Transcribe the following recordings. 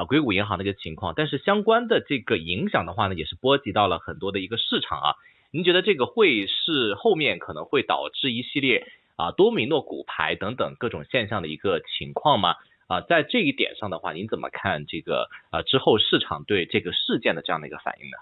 啊，硅谷銀行的一個情況，但是相關的這個影響的話呢，也是波及到了很多的一個市場啊。您覺得這個會是後面可能會導致一系列啊多米諾骨牌等等各種現象的一個情況嗎？啊，在這一點上的話，您怎麼看這個啊之後市場對這個事件的這樣的一個反應呢？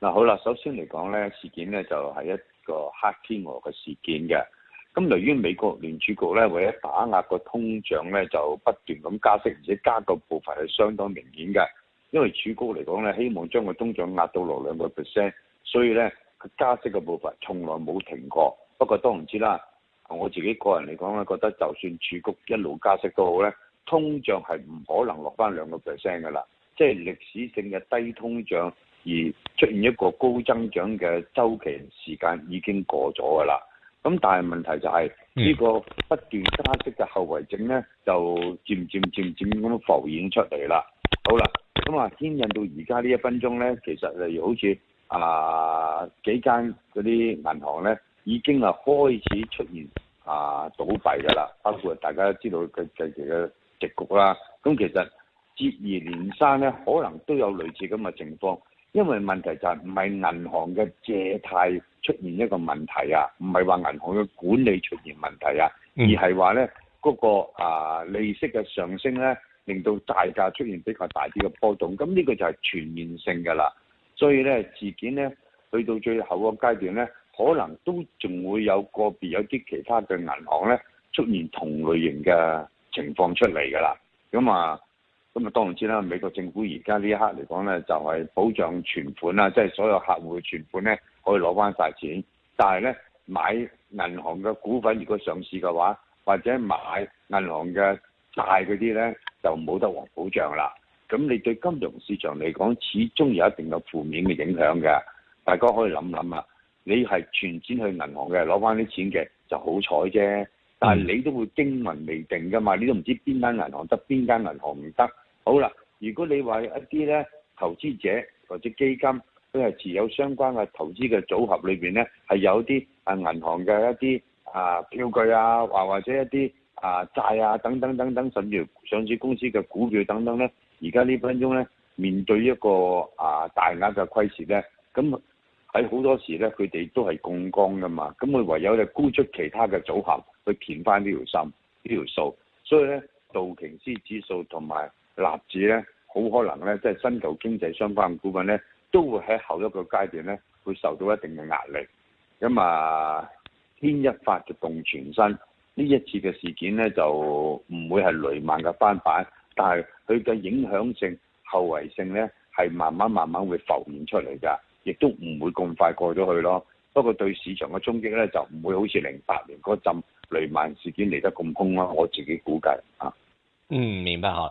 那好喇，首先嚟講咧，事件咧就係一個黑天鵝嘅事件嘅咁由於美國聯儲局咧，為咗打壓個通脹咧，就不斷咁加息，而且加嘅步伐係相當明顯嘅。因為儲局嚟講咧，希望將個通脹壓到落兩個 percent，所以咧佢加息嘅步伐從來冇停過。不過當然知啦，我自己個人嚟講咧，覺得就算儲局一路加息都好咧，通脹係唔可能落返兩個 percent 㗎啦。即係、就是、歷史性嘅低通脹而出現一個高增長嘅周期時間已經過咗㗎啦。咁但係問題就係、是、呢、嗯這個不斷加息嘅後遺症咧，就漸漸漸漸咁浮現出嚟啦。好啦，咁啊，牽引到而家呢一分鐘咧，其實例如好似啊幾間嗰啲銀行咧，已經啊開始出現啊倒閉噶啦，包括大家知道佢近期嘅矽谷啦。咁其實接二連三咧，可能都有類似咁嘅情況。因為問題就係唔係銀行嘅借貸出現一個問題啊，唔係話銀行嘅管理出現問題啊，而係話呢嗰、嗰個啊利息嘅上升呢，令到債價出現比較大啲嘅波動，咁呢個就係全面性噶啦。所以呢，事件呢去到最後個階段呢，可能都仲會有個別有啲其他嘅銀行呢出現同類型嘅情況出嚟噶啦。咁啊～咁啊，當然知啦！美國政府而家呢一刻嚟講呢，就係、是、保障存款啦，即係所有客戶嘅存款呢，可以攞翻晒錢。但係呢，買銀行嘅股份，如果上市嘅話，或者買銀行嘅債嗰啲呢，就冇得保障啦。咁你對金融市場嚟講，始終有一定嘅負面嘅影響嘅。大家可以諗諗啊，你係存錢去銀行嘅，攞翻啲錢嘅就好彩啫。但係你都會驚魂未定㗎嘛，你都唔知邊間銀行得，邊間銀行唔得。好啦，如果你話一啲咧投資者或者基金，都係持有相關嘅投資嘅組合裏邊咧，係有啲啊銀行嘅一啲啊票據啊，或或者一啲啊債啊等等等等，甚至上市公司嘅股票等等咧，而家呢分鐘咧，面對一個啊大額嘅虧蝕咧，咁喺好多時咧，佢哋都係槓桿㗎嘛，咁佢唯有就沽出其他嘅組合去填翻呢條心呢條數，所以咧，道瓊斯指數同埋，立子咧，好可能咧，即係新舊經濟相關股份咧，都會喺後一個階段咧，會受到一定嘅壓力。咁啊，牽一發就動全身。呢一次嘅事件咧，就唔會係雷曼嘅翻版，但係佢嘅影響性、後遺性咧，係慢慢慢慢會浮現出嚟㗎，亦都唔會咁快過咗去咯。不過對市場嘅衝擊咧，就唔會好似零八年嗰陣雷曼事件嚟得咁兇咯。我自己估計啊。嗯，明白哈。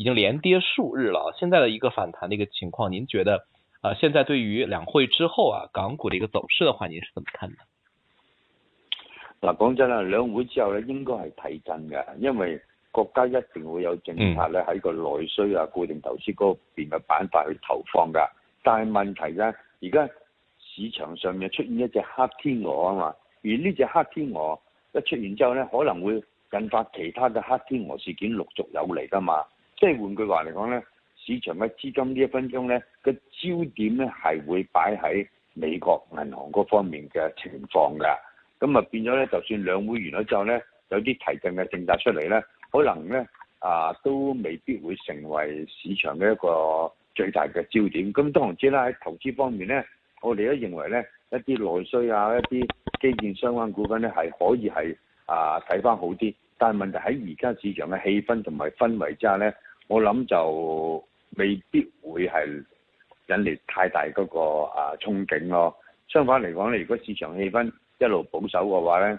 已經連跌數日了。現在的一個反彈的一個情況，您覺得啊、呃，現在對於兩會之後啊，港股的一個走勢的話，您是怎麼看的？嗱，講真啦，兩會之後咧，應該係提振噶，因為國家一定會有政策咧喺個內需啊、嗯、固定投資嗰邊嘅板塊去投放噶。但係問題咧，而家市場上面出現一隻黑天鵝啊嘛，而呢隻黑天鵝一出現之後咧，可能會引發其他嘅黑天鵝事件陸續有嚟噶嘛。即係換句話嚟講呢，市場嘅資金呢一分鐘呢個焦點呢係會擺喺美國銀行嗰方面嘅情況㗎。咁啊變咗呢，就算兩會完咗之後呢，有啲提振嘅政策出嚟呢，可能呢啊都未必會成為市場嘅一個最大嘅焦點。咁當然之啦，喺投資方面呢，我哋都認為呢一啲內需啊，一啲基建相關股份呢，係可以係啊睇翻好啲。但係問題喺而家市場嘅氣氛同埋氛圍之下呢。我諗就未必會係引嚟太大嗰個啊憧憬咯。相反嚟講咧，如果市場氣氛一路保守嘅話咧，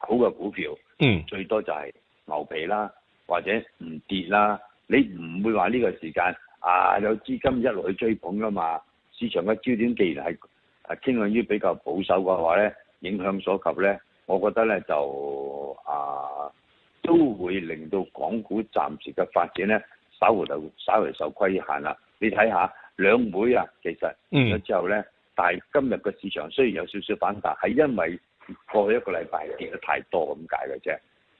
好嘅股票，嗯，最多就係牛皮啦，或者唔跌啦。你唔會話呢個時間啊有資金一路去追捧噶嘛？市場嘅焦點既然係啊傾向於比較保守嘅話咧，影響所及咧，我覺得咧就啊～都會令到港股暫時嘅發展咧，稍微就稍微受規限啦。你睇下兩會啊，其實咗之後呢。但係今日嘅市場雖然有少少反彈，係因為過去一個禮拜跌得太多咁解嘅啫。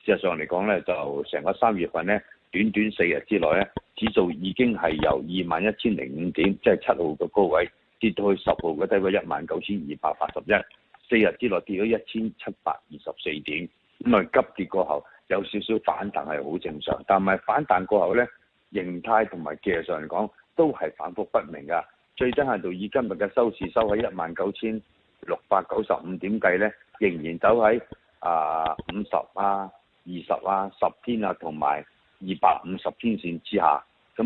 事實上嚟講呢，就成個三月份呢，短短四日之內呢，指數已經係由二萬一千零五點，即係七號嘅高位，跌到去十號嘅低位，一萬九千二百八十一，四日之內跌咗一千七百二十四點。咁啊急跌過後，有少少反彈係好正常，但係反彈過後呢，形態同埋技術上嚟講都係反覆不明㗎。最低限度以今日嘅收市收喺一萬九千六百九十五點計呢，仍然走喺、呃、啊五十啊二十啊十天啊同埋二百五十天線之下，咁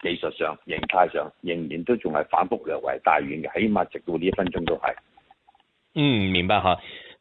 技術上形態上仍然都仲係反覆略為大遠嘅，起碼直到呢一分鐘都係。嗯，明白哈。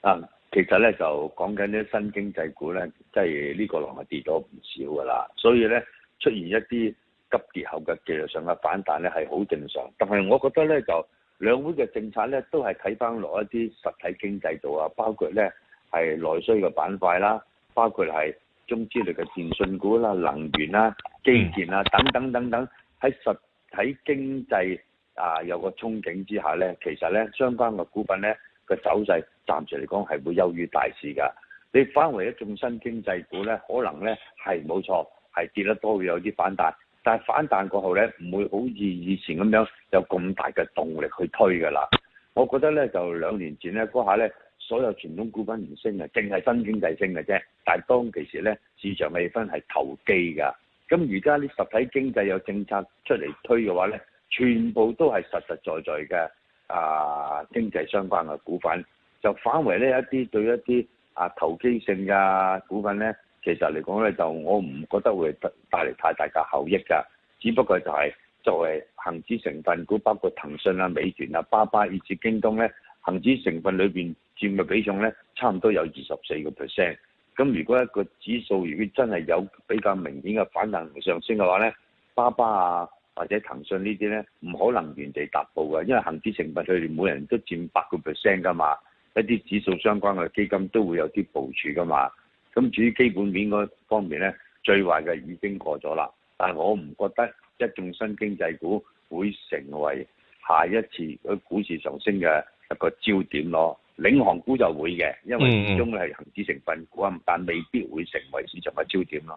啊，其實咧就講緊啲新經濟股咧，即係呢個浪係跌咗唔少㗎啦，所以咧出現一啲急跌後嘅技術上嘅反彈咧係好正常。但係我覺得咧就兩會嘅政策咧都係睇翻落一啲實體經濟度啊，包括咧係內需嘅板塊啦，包括係中資類嘅電信股啦、能源啦、啊、基建啊等等等等，喺實體經濟啊有個憧憬之下咧，其實咧相關嘅股份咧，個走勢暫時嚟講係會優於大市㗎。你翻回一種新經濟股咧，可能咧係冇錯，係跌得多會有啲反彈，但係反彈過後咧，唔會好似以前咁樣有咁大嘅動力去推㗎啦。我覺得咧，就兩年前咧嗰下咧，所有傳統股份唔升啊，淨係新經濟升㗎啫。但係當其時咧，市場氣氛係投機㗎。咁而家啲實體經濟有政策出嚟推嘅話咧，全部都係實實在在嘅。啊，經濟相關嘅股份，就反為呢一啲對一啲啊投機性嘅股份呢，其實嚟講呢，就我唔覺得會帶嚟太大嘅效益㗎。只不過就係作為恒指成分股，包括騰訊啊、美團啊、巴巴，以至京東呢，恒指成分裏邊佔嘅比重呢，差唔多有二十四個 percent。咁如果一個指數如果真係有比較明顯嘅反彈嘅上升嘅話呢，巴巴啊～或者騰訊這些呢啲咧，唔可能原地踏步嘅，因為恒指成分佢哋每人都佔百個 percent 㗎嘛，一啲指數相關嘅基金都會有啲部署㗎嘛。咁至於基本面嗰方面咧，最壞嘅已經過咗啦。但係我唔覺得一眾新經濟股會成為下一次股市上升嘅一個焦點咯。領航股就會嘅，因為始終係恒指成分股啊，但未必會成為市場嘅焦點咯。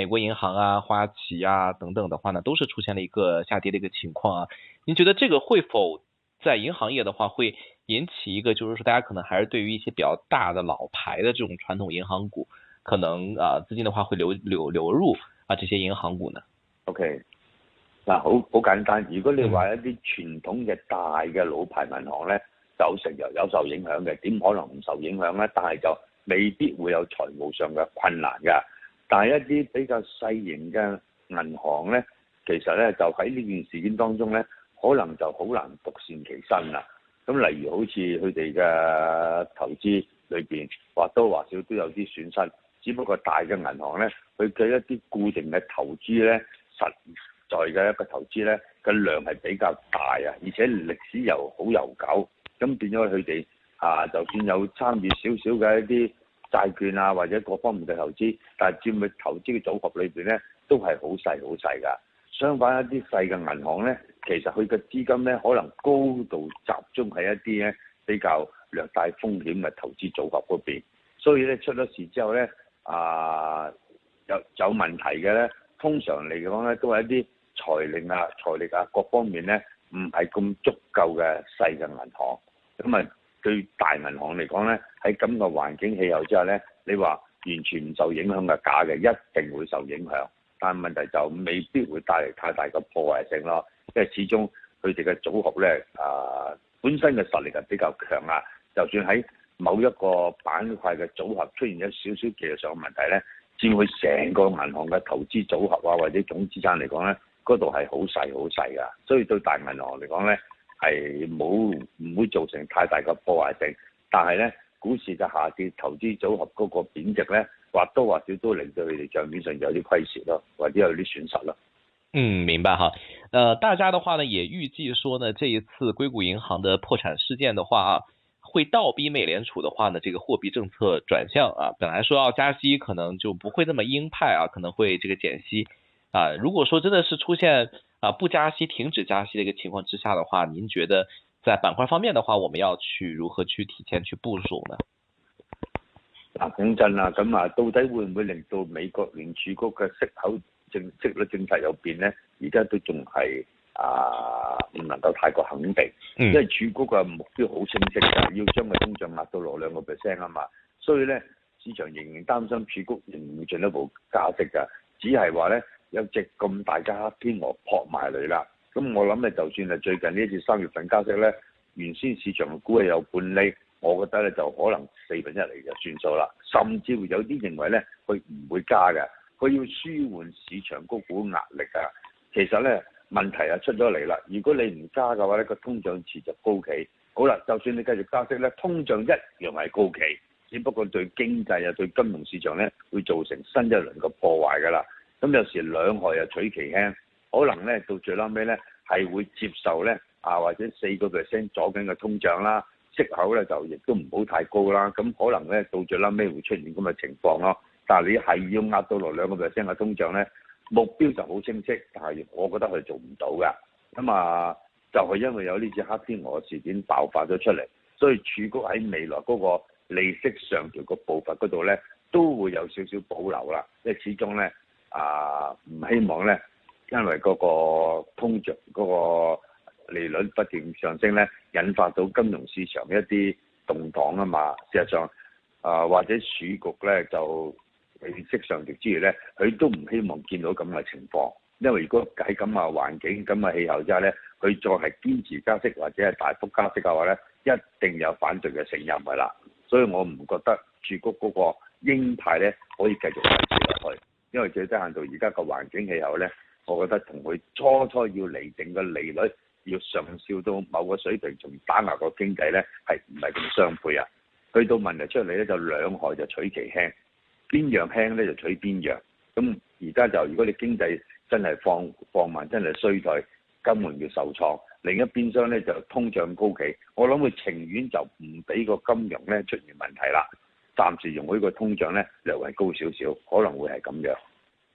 美國銀行啊、花旗啊等等的話呢，都是出現了一個下跌的一個情況啊。您覺得這個會否在銀行業的話會引起一個，就是說大家可能還是對於一些比較大的老牌的這種傳統銀行股，可能啊資金的話會流，流流流入啊這些銀行股呢？OK，嗱，好好簡單。如果你話一啲傳統嘅大嘅老牌銀行呢，走成又有受影響嘅，點可能唔受影響呢？但係就未必會有財務上嘅困難㗎。但係一啲比較細型嘅銀行呢，其實呢就喺呢件事件當中呢，可能就好難獨善其身啦。咁例如好似佢哋嘅投資裏面，或多或少都有啲損失。只不過大嘅銀行呢，佢嘅一啲固定嘅投資呢，實在嘅一個投資呢，個量係比較大啊，而且歷史又好悠久。咁變咗佢哋啊，就算有參與少少嘅一啲，債券啊，或者各方面嘅投資，但係佔佢投資嘅組合裏邊呢，都係好細好細㗎。相反，一啲細嘅銀行呢，其實佢嘅資金呢，可能高度集中喺一啲呢比較略大風險嘅投資組合嗰邊。所以呢，出咗事之後呢，啊有有問題嘅呢，通常嚟講呢，都係一啲財力啊、財力啊各方面呢，唔係咁足夠嘅細嘅銀行咁啊。對大銀行嚟講呢，喺咁個環境氣候之下呢，你話完全唔受影響嘅，假嘅，一定會受影響。但係問題就未必會帶嚟太大嘅破壞性咯，即係始終佢哋嘅組合呢啊、呃、本身嘅實力就比較強啊。就算喺某一個板塊嘅組合出現有少少技術上嘅問題呢，佔去成個銀行嘅投資組合啊，或者總資產嚟講呢，嗰度係好細好細㗎。所以對大銀行嚟講呢。係，冇唔會造成太大嘅破壞性，但係咧，股市嘅下跌，投資組合嗰個貶值呢，或多或少都令到你哋帳面上有啲虧蝕咯，或者有啲損失咯。嗯，明白哈。呃，大家的話呢，也預計說呢，這一次硅谷銀行的破產事件的話啊，會倒逼美聯儲的話呢，這個貨幣政策轉向啊。本來說要加息，可能就唔會那麼鷹派啊，可能會這個減息啊。如果說真的是出現，啊，不加息、停止加息的一個情況之下的話，您覺得在板塊方面的話，我們要去如何去提前去部署呢？嗱，孔振啊，咁啊、嗯，到底會唔會令到美國聯儲局嘅息口政息，息率政策有變呢？而家都仲係啊，唔能夠太過肯定，嗯、因為儲局嘅目標好清晰的，就要將個通脹壓到落兩個 percent 啊嘛。所以咧，市場仍然擔心儲局仍然會進一步加息噶，只係話咧。有隻咁大嘅黑天鵝撲埋嚟啦，咁我諗咧，就算係最近呢一次三月份加息咧，原先市場估係有半釐，我覺得咧就可能四分一嚟就算數啦，甚至會有啲認為咧佢唔會加嘅，佢要舒緩市場嗰股壓力啊。其實咧問題啊出咗嚟啦，如果你唔加嘅話咧，個通脹持續高企，好啦，就算你繼續加息咧，通脹一樣係高企，只不過對經濟啊對金融市場咧會造成新一輪嘅破壞㗎啦。咁有時兩害又取其輕，可能咧到最撚尾咧係會接受咧啊，或者四個 percent 左近嘅通脹啦，息口咧就亦都唔好太高啦。咁可能咧到最撚尾會出現咁嘅情況咯。但係你係要壓到落兩個 percent 嘅通脹咧，目標就好清晰，但係我覺得佢做唔到㗎。咁啊，就係因為有呢次黑天鵝事件爆發咗出嚟，所以儲局喺未來嗰個利息上調個步伐嗰度咧，都會有少少保留啦。即係始終咧。啊，唔希望咧，因為嗰個通脹嗰個利率不斷上升咧，引發到金融市場一啲動盪啊嘛。事實上，啊或者儲局咧就利息上調之餘咧，佢都唔希望見到咁嘅情況，因為如果喺咁嘅環境、咁嘅氣候之下咧，佢再係堅持加息或者係大幅加息嘅話咧，一定有反對嘅聲音㗎啦。所以我唔覺得儲局嗰個鷹派咧可以繼續。因為最低限度而家個環境氣候咧，我覺得同佢初初要釐定個利率，要上升到某個水平，從打壓個經濟咧，係唔係咁相配啊？去到問題出嚟咧，就兩害就取其輕，邊樣輕咧就取邊樣。咁而家就如果你經濟真係放放慢，真係衰退，金融要受創；另一邊廂咧就通脹高企。我諗佢情願就唔俾個金融咧出現問題啦。暫時用呢個通脹呢，略為高少少，可能會係咁樣。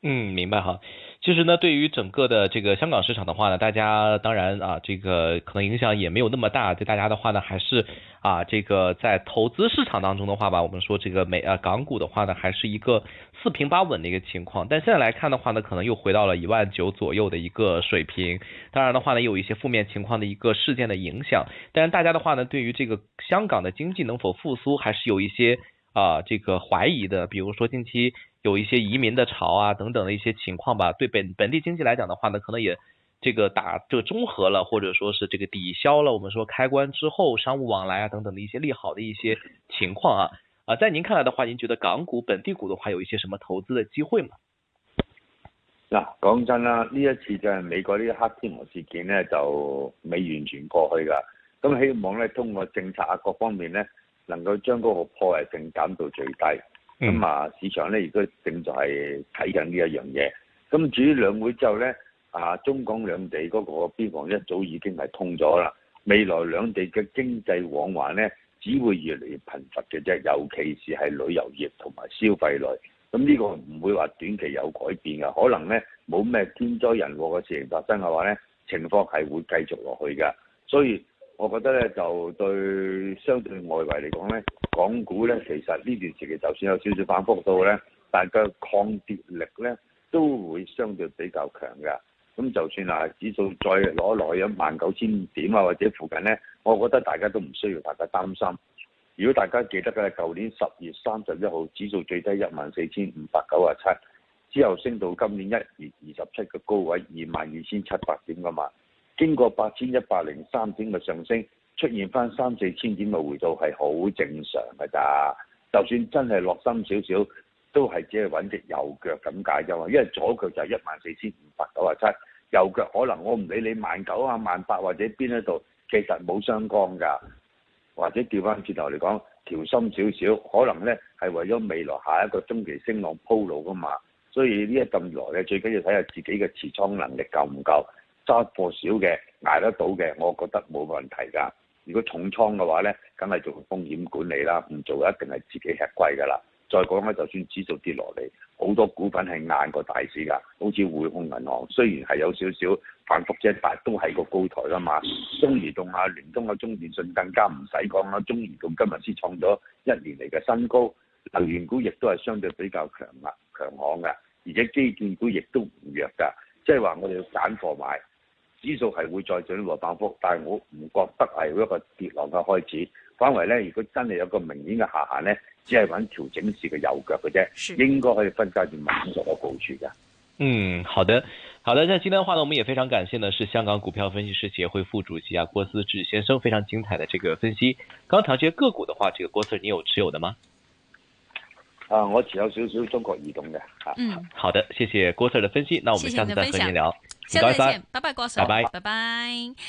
嗯，明白哈。其實呢，對於整個的這個香港市場的話呢，大家當然啊，這個可能影響也沒有那麼大。對大家的話呢，還是啊，這個在投資市場當中的話吧，我們說這個美啊港股的話呢，還是一個四平八穩的一個情況。但現在來看的話呢，可能又回到了一萬九左右的一個水平。當然的話呢，有一些負面情況的一個事件的影響。但大家的話呢，對於這個香港的經濟能否復甦，還是有一些。啊，這個懷疑的，比如說近期有一些移民的潮啊，等等的一些情況吧，對本本地經濟來講的話呢，可能也這個打這個綜合了，或者說是這個抵消了。我們說開關之後商務往來啊，等等的一些利好的一些情況啊。啊，在您看來的話，您覺得港股本地股的話，有一些什麼投資的機會嗎？嗱，講真啦，呢一次就係美國呢個黑天鵝事件呢就未完全過去噶。咁希望呢，通過政策啊，各方面呢。能夠將嗰個破壞性減到最低，咁、嗯、啊，市場咧亦都正就係睇緊呢一樣嘢。咁至於兩會之後咧，啊中港兩地嗰個邊防一早已經係通咗啦。未來兩地嘅經濟往還咧，只會越嚟越頻繁嘅啫。尤其是係旅遊業同埋消費類，咁呢個唔會話短期有改變嘅。可能咧，冇咩天災人禍嘅事情發生嘅話咧，情況係會繼續落去㗎。所以我覺得咧，就對相對外圍嚟講咧，港股咧，其實呢段時期就算有少少反覆到咧，大家抗跌力咧都會相對比較強㗎。咁就算啊，指數再攞來一萬九千點啊，或者附近咧，我覺得大家都唔需要大家擔心。如果大家記得嘅，舊年十月三十一號指數最低一萬四千五百九十七，之後升到今年一月二十七嘅高位二萬二千七百點㗎嘛。經過八千一百零三點嘅上升，出現返三四千點嘅回吐係好正常㗎咋。就算真係落深少少，都係只係揾隻右腳咁解啫，因為左腳就係一萬四千五百九十七，右腳可能我唔理你萬九啊萬八或者邊一度，其實冇相干㗎。或者調返轉頭嚟講，調深少少，可能呢係為咗未來下一個中期升浪鋪路㗎嘛。所以呢一咁耐咧，最緊要睇下自己嘅持倉能力夠唔夠。揸貨少嘅捱得到嘅，我覺得冇問題㗎。如果重倉嘅話咧，梗係做風險管理啦。唔做一定係自己吃虧㗎啦。再講咧，就算指數跌落嚟，好多股份係硬過大市㗎。好似匯控銀行，雖然係有少少反覆啫，但都係個高台啦嘛。中移動啊，聯通啊，中電信更加唔使講啦。中移動今日先創咗一年嚟嘅新高。能源股亦都係相對比較強壓、強悍嘅，而且基建股亦都唔弱㗎。即係話我哋要揀貨買。指數係會再進一步反覆，但係我唔覺得係一個跌浪嘅開始。反為咧，如果真係有個明顯嘅下限咧，只係揾調整市嘅右腳嘅啫，應該可以分析住穩重嘅佈局嘅。嗯，好的，好的。那今天嘅話呢，我們也非常感謝呢，是香港股票分析師協會副主席啊郭思治先生非常精彩嘅這個分析。剛，剛談這些個股的話，這個郭 Sir 你有持有的嗎？啊、嗯，我持有少少中國移動嘅，吓。嗯、啊，好的，謝謝郭 Sir 嘅分析。那我們下次再同您聊，唔該晒，拜拜，郭 Sir，拜拜，拜拜。拜拜。